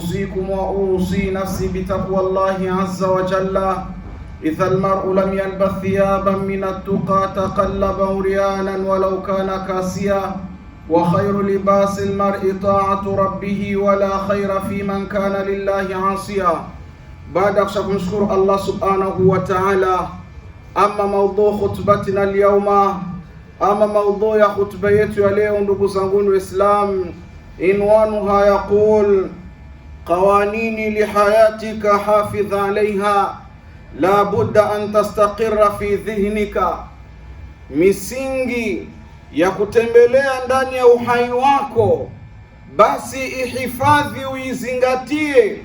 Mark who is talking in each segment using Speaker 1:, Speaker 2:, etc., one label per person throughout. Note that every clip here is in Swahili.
Speaker 1: أوصيكم وأوصي نفسي بتقوى الله عز وجل إذا المرء لم يلبث ثيابا من التقى تقلب عريانا ولو كان كاسيا وخير لباس المرء طاعة ربه ولا خير في من كان لله عاصيا بعد نشكر الله سبحانه وتعالى أما موضوع خطبتنا اليوم أما موضوع خطبيتي اليوم نبو زنقون الإسلام إنوانها يقول qawanini lihayatika hafidh alaiha la budda an tastaqira fi dhihnika, misingi ya kutembelea ndani ya uhai wako, basi ihifadhi, uizingatie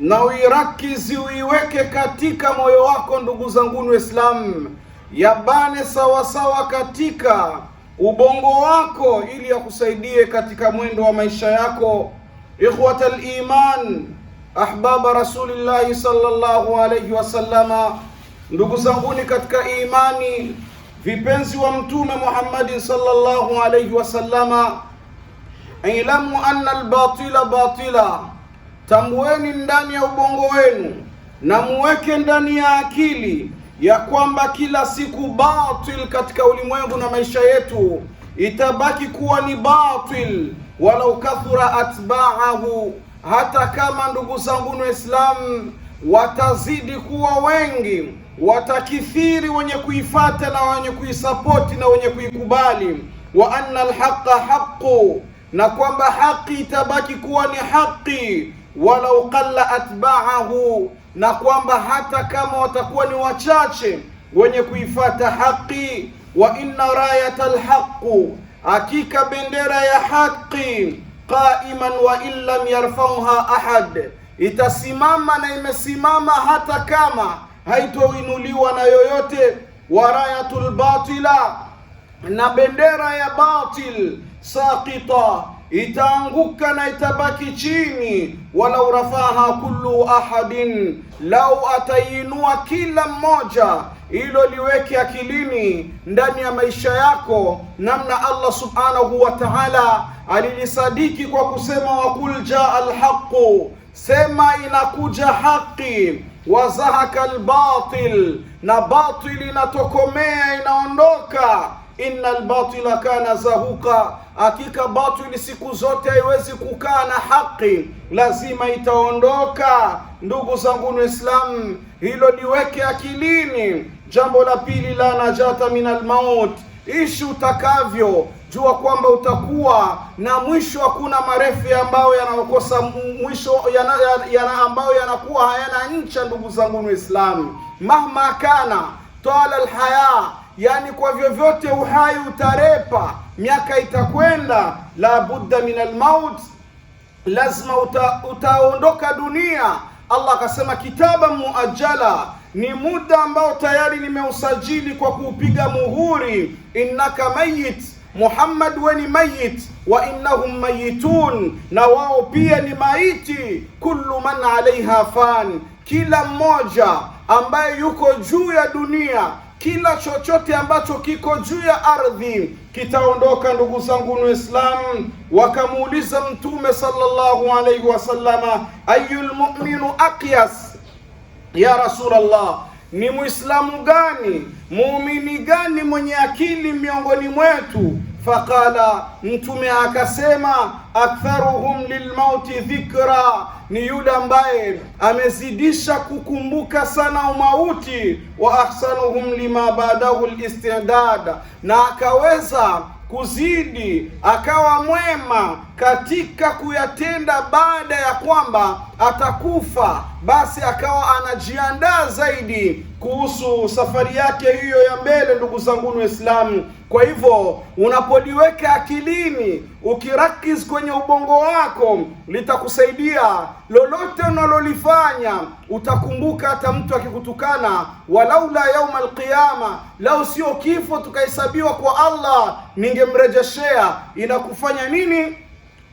Speaker 1: na uirakizi, uiweke katika moyo wako, ndugu zangu Waislamu, yabane sawasawa katika ubongo wako, ili yakusaidie katika mwendo wa maisha yako. Ikhwata liman, ahbaba rasulillahi sallallahu alayhi wasallama, ndugu zanguni katika imani, vipenzi wa Mtume Muhammadin sallallahu alayhi wasallama, ilamu anna albatila batila, tambueni ndani ya ubongo wenu na muweke ndani ya akili ya kwamba kila siku batil katika ulimwengu na maisha yetu itabaki kuwa ni batil walau kathura atbaahu, hata kama ndugu zangu Waislamu watazidi kuwa wengi, watakithiri wenye kuifata na wenye kuisapoti na wenye kuikubali. Wa anna alhaqa haqu, na kwamba haki itabaki kuwa ni haki. Walau qalla atbaahu, na kwamba hata kama watakuwa ni wachache wenye kuifata haki. Wa inna rayata alhaqu Hakika bendera ya haki qaiman wa in lam yarfauha ahad, itasimama na imesimama hata kama haitoinuliwa na yoyote. Warayatul batila, na bendera ya batil saqita, itaanguka na itabaki chini. Walau rafaha kullu ahadin, lau ataiinua kila mmoja hilo liweke akilini ndani ya maisha yako, namna Allah subhanahu wa ta'ala alilisadiki kwa kusema wakul jaa alhaqu, sema inakuja haki, wazahaka albatil, na batili inatokomea inaondoka. Inna albatila kana zahuka, hakika batil siku zote haiwezi kukaa na haki, lazima itaondoka. Ndugu zangu Waislamu, hilo liweke akilini. Jambo la pili, la najata min almaut, ishi utakavyo, jua kwamba utakuwa na mwisho. Hakuna marefu ambayo yanaokosa mwisho, yana, yana ambayo yanakuwa hayana ncha. Ndugu zangu Waislamu, mahma kana tala alhaya, yani kwa vyovyote uhai utarepa, miaka itakwenda, la budda min almaut, lazima uta, utaondoka dunia. Allah akasema kitaba muajala ni muda ambao tayari nimeusajili kwa kuupiga muhuri. Innaka mayit, Muhammad we ni mayit, wa innahum mayitun, na wao pia ni maiti. Kullu man alaiha fan, kila mmoja ambaye yuko juu ya dunia, kila chochote ambacho kiko juu ya ardhi kitaondoka. Ndugu zangu wa wakamuuliza Mtume sallallahu alaihi wasallama, ayu lmuminu aqyas ya Rasulullah, ni muislamu gani muumini gani mwenye akili miongoni mwetu? Faqala, mtume akasema aktharuhum lilmauti dhikra, ni yule ambaye amezidisha kukumbuka sana umauti. Wa ahsanuhum lima badahu listidad, na akaweza kuzidi akawa mwema katika kuyatenda, baada ya kwamba atakufa, basi akawa anajiandaa zaidi kuhusu safari yake hiyo ya mbele. Ndugu zangu Waislamu, kwa hivyo unapoliweka akilini, ukirakis kwenye ubongo wako, litakusaidia lolote unalolifanya. Utakumbuka hata mtu akikutukana, walaula yauma alqiyama, lau sio kifo tukahesabiwa kwa Allah ningemrejeshea. Inakufanya nini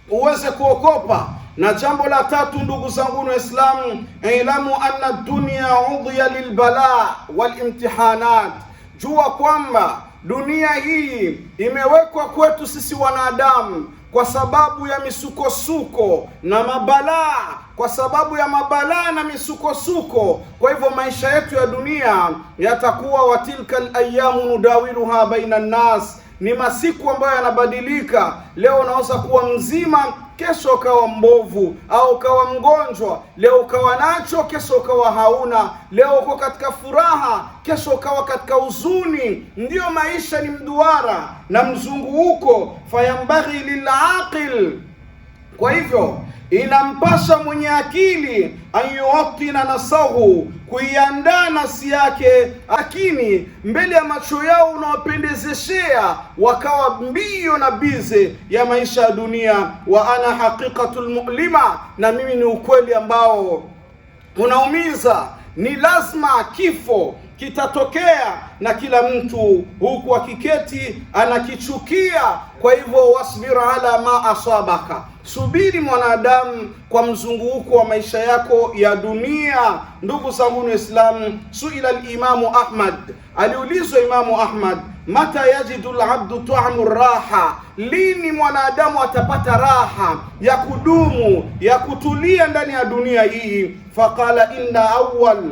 Speaker 1: uweze kuokopa. Na jambo la tatu, ndugu zangu Waislamu, ilamu anna dunya udhiya lilbala walimtihanat, jua kwamba dunia hii imewekwa kwetu sisi wanadamu kwa sababu ya misukosuko na mabalaa, kwa sababu ya mabalaa na misukosuko. Kwa hivyo maisha yetu ya dunia yatakuwa, watilka layamu nudawiruha baina nnas, ni masiku ambayo yanabadilika. Leo unaweza kuwa mzima kesho ukawa mbovu, au ukawa mgonjwa, leo ukawa nacho, kesho ukawa hauna, leo uko katika furaha, kesho ukawa katika huzuni. Ndiyo, maisha ni mduara na mzunguko, fayambaghi lilaqil. Kwa hivyo Inampasa mwenye akili anyuwatina nasahu, kuiandaa nafsi yake akini mbele ya macho yao unaopendezeshea, wakawa mbio na bize ya maisha ya dunia. Wa ana haqiqatul mulima, na mimi ni ukweli ambao unaumiza ni lazima kifo kitatokea na kila mtu huku akiketi anakichukia. Kwa hivyo, wasbir ala ma asabaka, subiri mwanadamu kwa mzunguko wa maisha yako ya dunia. Ndugu zangu Waislamu, suila limamu Ahmad, aliulizwa Imamu Ahmad mata yajidu labdu taamu raha, lini mwanadamu atapata raha ya kudumu ya kutulia ndani ya dunia hii? Faqala inna awwal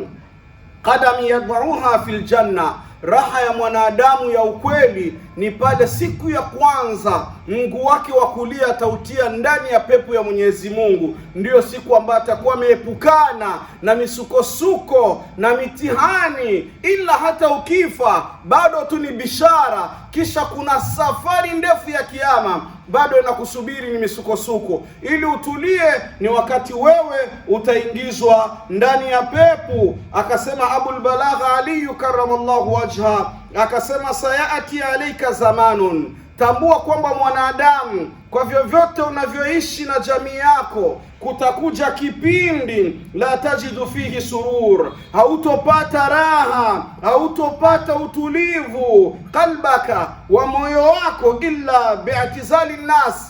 Speaker 1: qadami yad'uha fil janna, raha ya mwanadamu ya ukweli ni pale siku ya kwanza mguu wake wa kulia atautia ndani ya pepo ya Mwenyezi Mungu. Ndiyo siku ambayo atakuwa ameepukana na misukosuko na mitihani, ila hata ukifa bado tu ni bishara. Kisha kuna safari ndefu ya kiama bado inakusubiri ni misukosuko. Ili utulie, ni wakati wewe utaingizwa ndani ya pepo. Akasema Abul Balagha Aliyu karamallahu wajha akasema sayati alaika zamanun, tambua kwamba mwanadamu, kwa vyovyote unavyoishi na jamii yako, kutakuja kipindi la tajidu fihi surur, hautopata raha, hautopata utulivu qalbaka wa moyo wako, illa bi'tizali nnas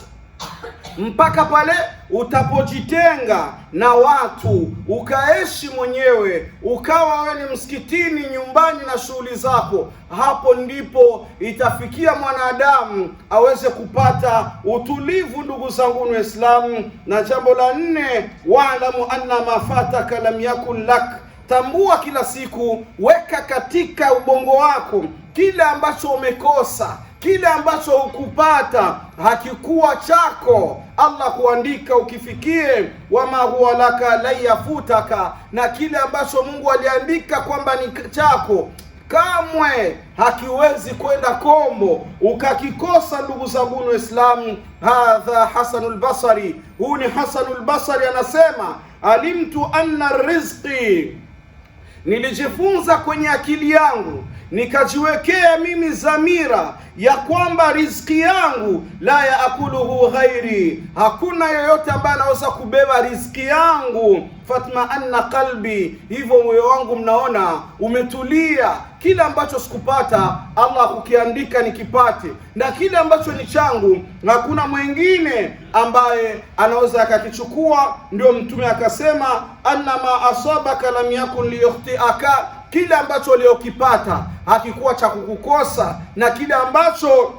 Speaker 1: mpaka pale utapojitenga na watu ukaishi mwenyewe, ukawa wewe ni msikitini, nyumbani na shughuli zako, hapo ndipo itafikia mwanadamu aweze kupata utulivu. Ndugu zangu Waislamu, na jambo la nne, waalamu anna mafataka lam yakun lak Tambua kila siku, weka katika ubongo wako kile ambacho umekosa kile ambacho hukupata hakikuwa chako, Allah kuandika ukifikie. Wama huwa laka layafutaka, na kile ambacho Mungu aliandika kwamba ni chako kamwe hakiwezi kwenda kombo ukakikosa. Ndugu zangu Waislamu, hadha Hasanul Basri, huu ni Hasanul Basri anasema alimtu anna rizqi nilijifunza kwenye akili yangu nikajiwekea mimi dhamira ya kwamba riziki yangu la yaakuluhu ghairi, hakuna yoyote ambaye anaweza kubeba riziki yangu fatma anna qalbi, hivyo moyo wangu mnaona umetulia. Kile ambacho sikupata Allah kukiandika nikipate, na kile ambacho ni changu hakuna mwingine ambaye anaweza akakichukua. Ndio Mtume akasema anna ma asabaka lam yakun liyukhtiaka, kile ambacho uliokipata hakikuwa cha kukukosa, na kile ambacho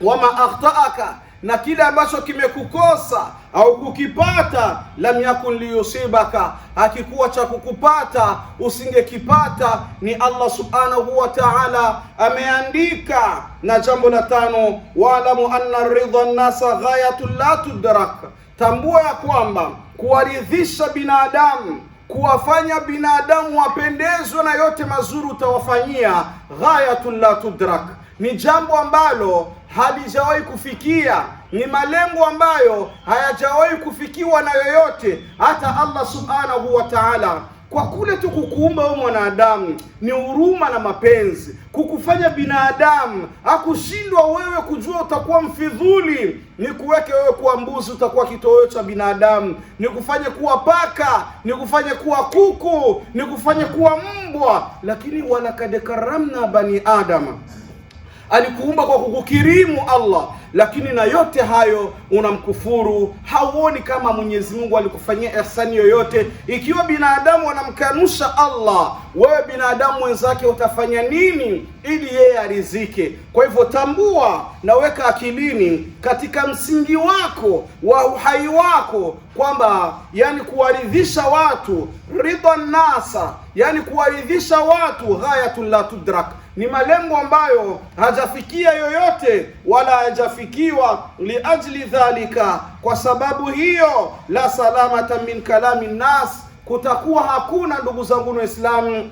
Speaker 1: wama akhtaaka, na kile ambacho kimekukosa au kukipata, lam yakun liyusibaka, hakikuwa cha kukupata usingekipata. Ni Allah subhanahu wa ta'ala ameandika. Na jambo la tano, waalamu anna ridha nnasa ghayatun la tudrak, tambua ya kwamba kuwaridhisha binadamu kuwafanya binadamu wapendezwe na yote mazuri utawafanyia, ghayatun la tudrak ni jambo ambalo halijawahi kufikia, ni malengo ambayo hayajawahi kufikiwa na yoyote, hata Allah subhanahu wa ta'ala kwa kule tu kukuumba wewe mwanadamu ni huruma na mapenzi, kukufanya binadamu. akushindwa wewe kujua utakuwa mfidhuli, ni kuweke wewe kuwa mbuzi, utakuwa kitoweo cha binadamu, ni kufanye kuwa paka, ni kufanye kuwa kuku, ni kufanye kuwa mbwa, lakini walakad karamna bani adama alikuumba kwa kukukirimu Allah, lakini na yote hayo unamkufuru. Hauoni kama Mwenyezi Mungu alikufanyia ihsani yoyote? Ikiwa binadamu wanamkanusha Allah, wewe binadamu wenzake utafanya nini ili yeye arizike? Kwa hivyo, tambua na weka akilini katika msingi wako wa uhai wako kwamba yani kuwaridhisha watu ridha nasa, yani kuwaridhisha watu ghayatun la tudrak ni malengo ambayo hajafikia yoyote wala hajafikiwa liajli dhalika, kwa sababu hiyo la salamata min kalami nnas, kutakuwa hakuna ndugu zangu na Waislamu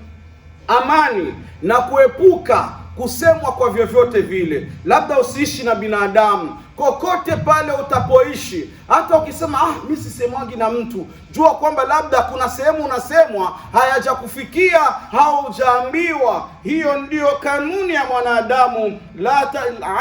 Speaker 1: amani na kuepuka kusemwa kwa vyovyote vile. Labda usiishi na binadamu kokote pale utapoishi, hata ukisema ah, mi sisemwangi na mtu, jua kwamba labda kuna sehemu unasemwa, hayajakufikia, haujaambiwa. Hiyo ndiyo kanuni ya mwanadamu la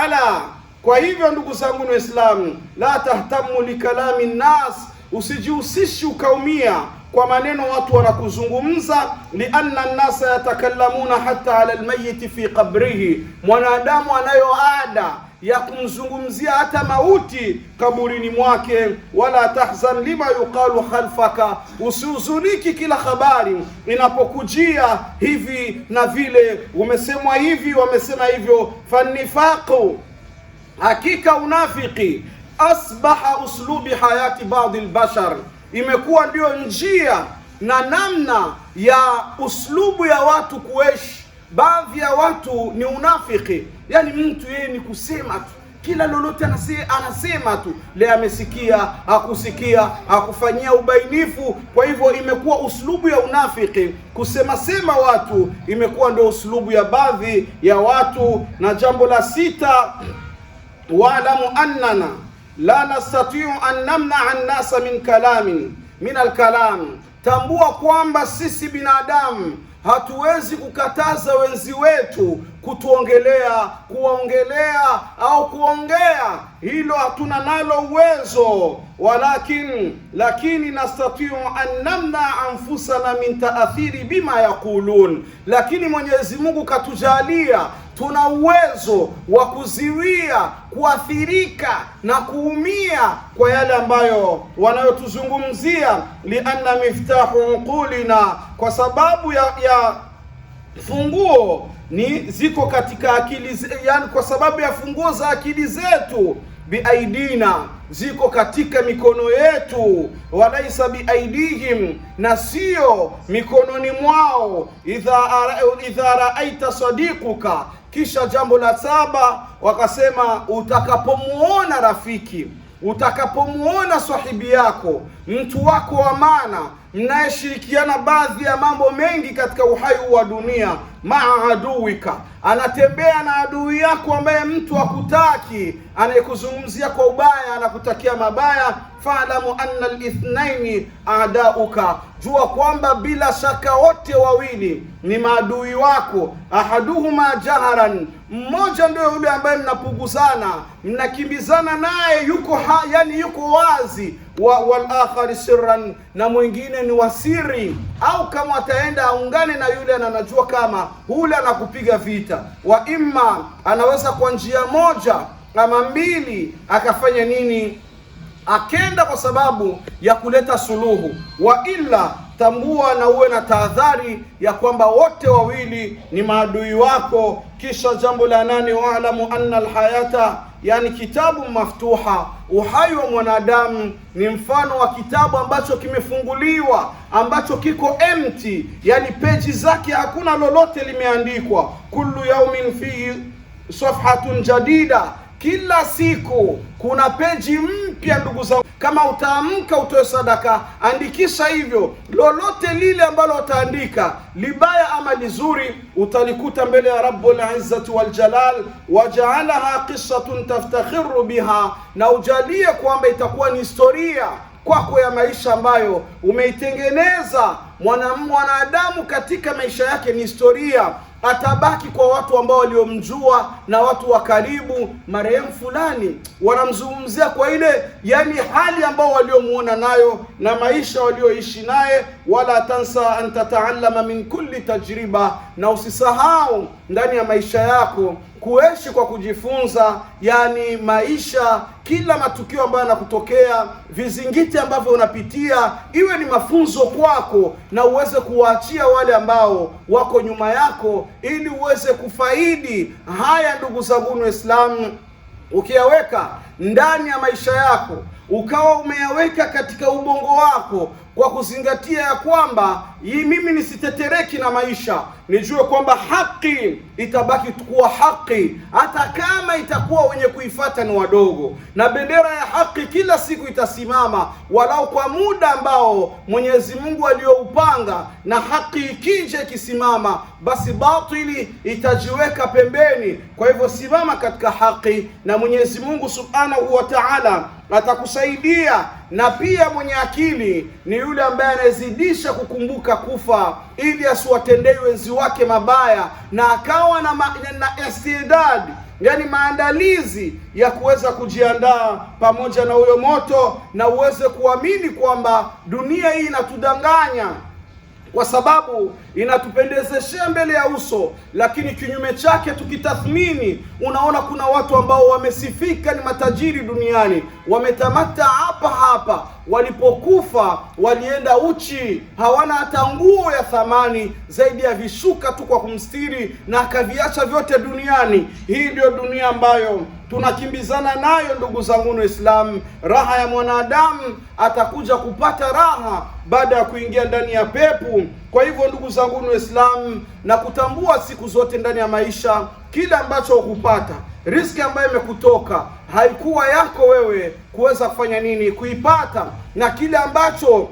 Speaker 1: ala. Kwa hivyo ndugu zangu ni Waislamu, la tahtamu likalami nnas, usijihusishi ukaumia kwa maneno watu wanakuzungumza. lianna nnasa yatakallamuna hata ala lmayiti fi qabrihi, mwanadamu anayoada ya kumzungumzia hata mauti kaburini mwake. Wala tahzan lima yuqalu khalfaka, usihuzuniki kila habari inapokujia hivi na vile, umesemwa hivi, wamesema hivyo. Fanifaqu, hakika unafiki asbaha uslubi hayati baadhi lbashar, imekuwa ndiyo njia na namna ya uslubu ya watu kuishi Baadhi ya watu ni unafiki, yani mtu yeye ni kusema tu kila lolote anasema, anasema tu le amesikia akusikia akufanyia ubainifu. Kwa hivyo imekuwa uslubu ya unafiki kusema sema watu, imekuwa ndio uslubu ya baadhi ya watu. Na jambo la sita, waalamu annana la nastatiu an namnaa nnasa min kalamin min alkalam, tambua kwamba sisi binadamu Hatuwezi kukataza wenzi wetu kutuongelea, kuwaongelea au kuongea, hilo hatuna nalo uwezo walakin, lakini nastatiu an namna anfusana min taathiri bima yaqulun, lakini Mwenyezi Mungu katujalia tuna uwezo wa kuziwia kuathirika na kuumia kwa yale ambayo wanayotuzungumzia, lianna miftahu uqulina, kwa sababu ya, ya funguo ni ziko katika akili, yani kwa sababu ya funguo za akili zetu biaidina ziko katika mikono yetu, walaisa biaidihim, na sio mikononi mwao. Idha raaita sadiquka, kisha jambo la saba wakasema, utakapomuona rafiki, utakapomuona sahibi yako, mtu wako wa maana mnayeshirikiana baadhi ya mambo mengi katika uhai wa dunia, maa aduwika, anatembea na adui yako ambaye mtu akutaki anayekuzungumzia kwa ubaya, anakutakia mabaya. Faalamu anna lithnaini adauka, jua kwamba bila shaka wote wawili ni maadui wako. Ahaduhuma jaharan, mmoja ndio yule ambaye mnapuguzana, mnakimbizana naye, yuko ha, yani yuko wazi. Walakhari sirran, na mwingine ni wasiri, au kama ataenda aungane na yule anajua kama hule anakupiga vita, wa imma anaweza kwa njia moja ama mbili akafanya nini, akenda kwa sababu ya kuleta suluhu, wa ila tambua na uwe na tahadhari ya kwamba wote wawili ni maadui wako. Kisha jambo la nane, waalamu anna alhayata yani kitabu maftuha. Uhai wa mwanadamu ni mfano wa kitabu ambacho kimefunguliwa, ambacho kiko empty, yani peji zake hakuna lolote limeandikwa. kullu yaumin fihi safhatun jadida kila siku kuna peji mpya ndugu zangu. Kama utaamka utoe sadaka, andikisha hivyo. Lolote lile ambalo utaandika libaya ama lizuri, utalikuta mbele ya Rabbul Izzati wal Jalal. Wajaalaha qissatun taftakhiru biha, na ujalie kwamba itakuwa ni historia kwako ya maisha ambayo umeitengeneza mwanadamu. Katika maisha yake ni historia atabaki kwa watu ambao waliomjua na watu wa karibu. Marehemu fulani wanamzungumzia kwa ile yani hali ambao waliomuona nayo na maisha walioishi naye. Wala tansa an tataallama min kulli tajriba, na usisahau ndani ya maisha yako, kuishi kwa kujifunza, yani maisha, kila matukio ambayo yanakutokea, vizingiti ambavyo unapitia, iwe ni mafunzo kwako, na uweze kuwaachia wale ambao wako nyuma yako, ili uweze kufaidi haya. Ndugu zangu Waislamu, ukiyaweka ndani ya maisha yako, ukawa umeyaweka katika ubongo wako kwa kuzingatia ya kwamba hii mimi nisitetereki na maisha, nijue kwamba haki itabaki kuwa haki, hata kama itakuwa wenye kuifata ni wadogo, na bendera ya haki kila siku itasimama, walau kwa muda ambao Mwenyezi Mungu aliyoupanga. Na haki ikija ikisimama, basi batili itajiweka pembeni. Kwa hivyo, simama katika haki, na Mwenyezi Mungu Subhanahu wa Ta'ala atakusaidia na pia mwenye akili ni yule ambaye anazidisha kukumbuka kufa, ili asiwatendei wenzi wake mabaya, na akawa na, ma, na istidadi, yani maandalizi ya kuweza kujiandaa pamoja na huyo moto, na uweze kuamini kwamba dunia hii inatudanganya kwa sababu inatupendezeshea mbele ya uso, lakini kinyume chake tukitathmini, unaona kuna watu ambao wamesifika ni matajiri duniani, wametamata hapa hapa, walipokufa walienda uchi, hawana hata nguo ya thamani zaidi ya vishuka tu kwa kumstiri, na akaviacha vyote duniani. Hii ndiyo dunia ambayo tunakimbizana nayo, ndugu zangu Waislamu. Raha ya mwanadamu atakuja kupata raha baada ya kuingia ndani ya pepo. Kwa hivyo ndugu zangu Waislamu, na kutambua siku zote ndani ya maisha, kila ambacho hukupata riski ambayo imekutoka haikuwa yako wewe kuweza kufanya nini kuipata, na kile ambacho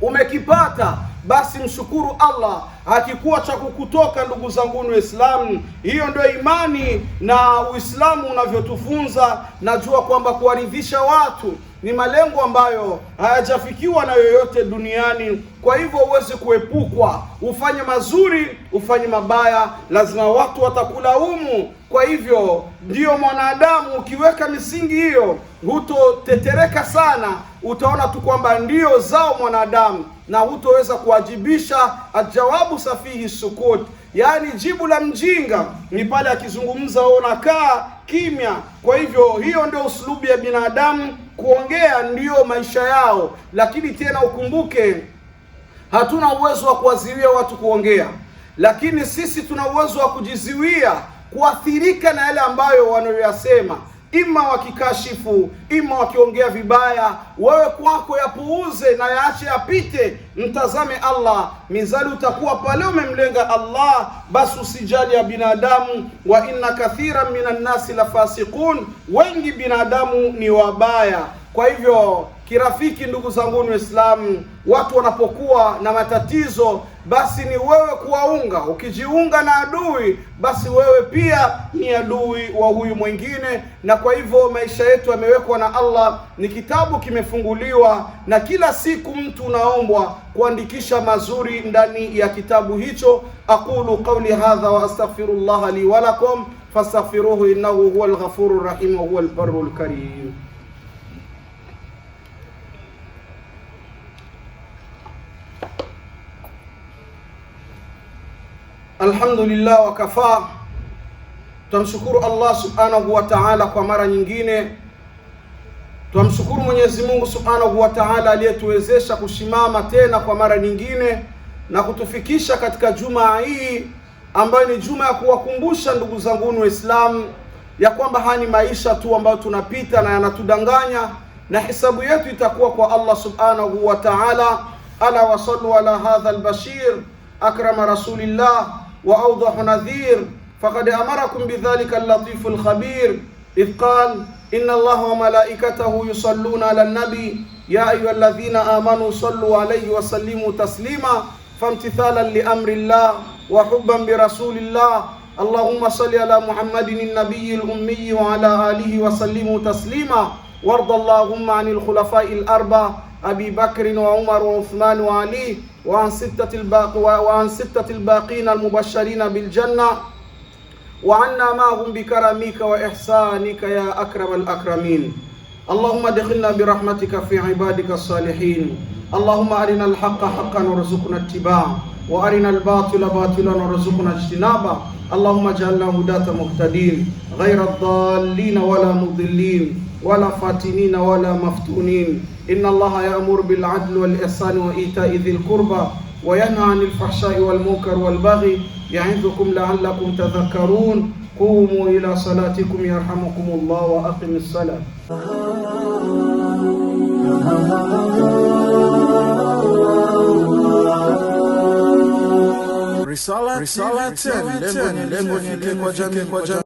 Speaker 1: umekipata basi mshukuru Allah, hakikuwa cha kukutoka. Ndugu zanguni Waislamu, hiyo ndio imani na Uislamu unavyotufunza. Najua kwamba kuwaridhisha watu ni malengo ambayo hayajafikiwa na yoyote duniani. Kwa hivyo huwezi kuepukwa, ufanye mazuri, ufanye mabaya, lazima watu watakulaumu. Kwa hivyo ndiyo mwanadamu, ukiweka misingi hiyo hutotetereka sana, utaona tu kwamba ndiyo zao mwanadamu, na hutoweza kuwajibisha ajawabu safihi sukut, yaani jibu la mjinga ni pale akizungumza, unakaa kimya. Kwa hivyo hiyo ndio usulubu ya binadamu, kuongea ndiyo maisha yao. Lakini tena ukumbuke, hatuna uwezo wa kuwaziwia watu kuongea, lakini sisi tuna uwezo wa kujiziwia kuathirika na yale ambayo wanayoyasema ima wakikashifu, ima wakiongea vibaya, wewe kwako yapuuze na yaache yapite, mtazame Allah. Mizali utakuwa pale umemlenga Allah, basi usijali ya binadamu. Wa inna kathira minan nasi la fasiqun, wengi binadamu ni wabaya. Kwa hivyo kirafiki, ndugu zangu Waislamu, watu wanapokuwa na matatizo basi ni wewe kuwaunga. Ukijiunga na adui, basi wewe pia ni adui wa huyu mwingine. Na kwa hivyo maisha yetu yamewekwa na Allah, ni kitabu kimefunguliwa, na kila siku mtu unaombwa kuandikisha mazuri ndani ya kitabu hicho. Aqulu qawli hadha wa astaghfirullaha li wa lakum fastaghfiruhu innahu huwal ghafurur rahim wa huwal barrul karim. Alhamdulillah wakafa twamshukuru Allah subhanahu wa ta'ala kwa mara nyingine. Twamshukuru Mwenyezi Mungu subhanahu wa ta'ala aliyetuwezesha kushimama tena kwa mara nyingine na kutufikisha katika juma hii ambayo ni juma ya kuwakumbusha ndugu zanguni Waislamu ya kwamba hani maisha tu ambayo tunapita na yanatudanganya, na hisabu yetu itakuwa kwa Allah subhanahu wa ta'ala. Ala wasallu ala hadha albashir akrama rasulillah وأوضح نذير فقد أمركم بذلك اللطيف الخبير إذ قال إن الله وملائكته يصلون على النبي يا أيها الذين آمنوا صلوا عليه وسلموا تسليما فامتثالا لأمر الله وحبا برسول الله اللهم صل على محمد النبي الأمي وعلى آله وسلموا تسليما وارض اللهم عن الخلفاء الأربعة أبي بكر وعمر وعثمان وعلي وعن ستة الباق وعن ستة الباقين المبشرين بالجنة وعنا معهم بكرمك وإحسانك يا أكرم الأكرمين اللهم ادخلنا برحمتك في عبادك الصالحين اللهم أرنا الحق حقا وارزقنا اتباعه وأرنا الباطل باطلا وارزقنا اجتنابه اللهم اجعلنا هداة مهتدين غير الضالين ولا مضلين ولا فاتنين ولا مفتونين إن الله يأمر بالعدل والإحسان وإيتاء ذي القربى وينهى عن الفحشاء والمنكر والبغي يعظكم لعلكم تذكرون قوموا إلى صلاتكم يرحمكم الله وأقم الصلاة رسالة رسالة لمنفكك وجميل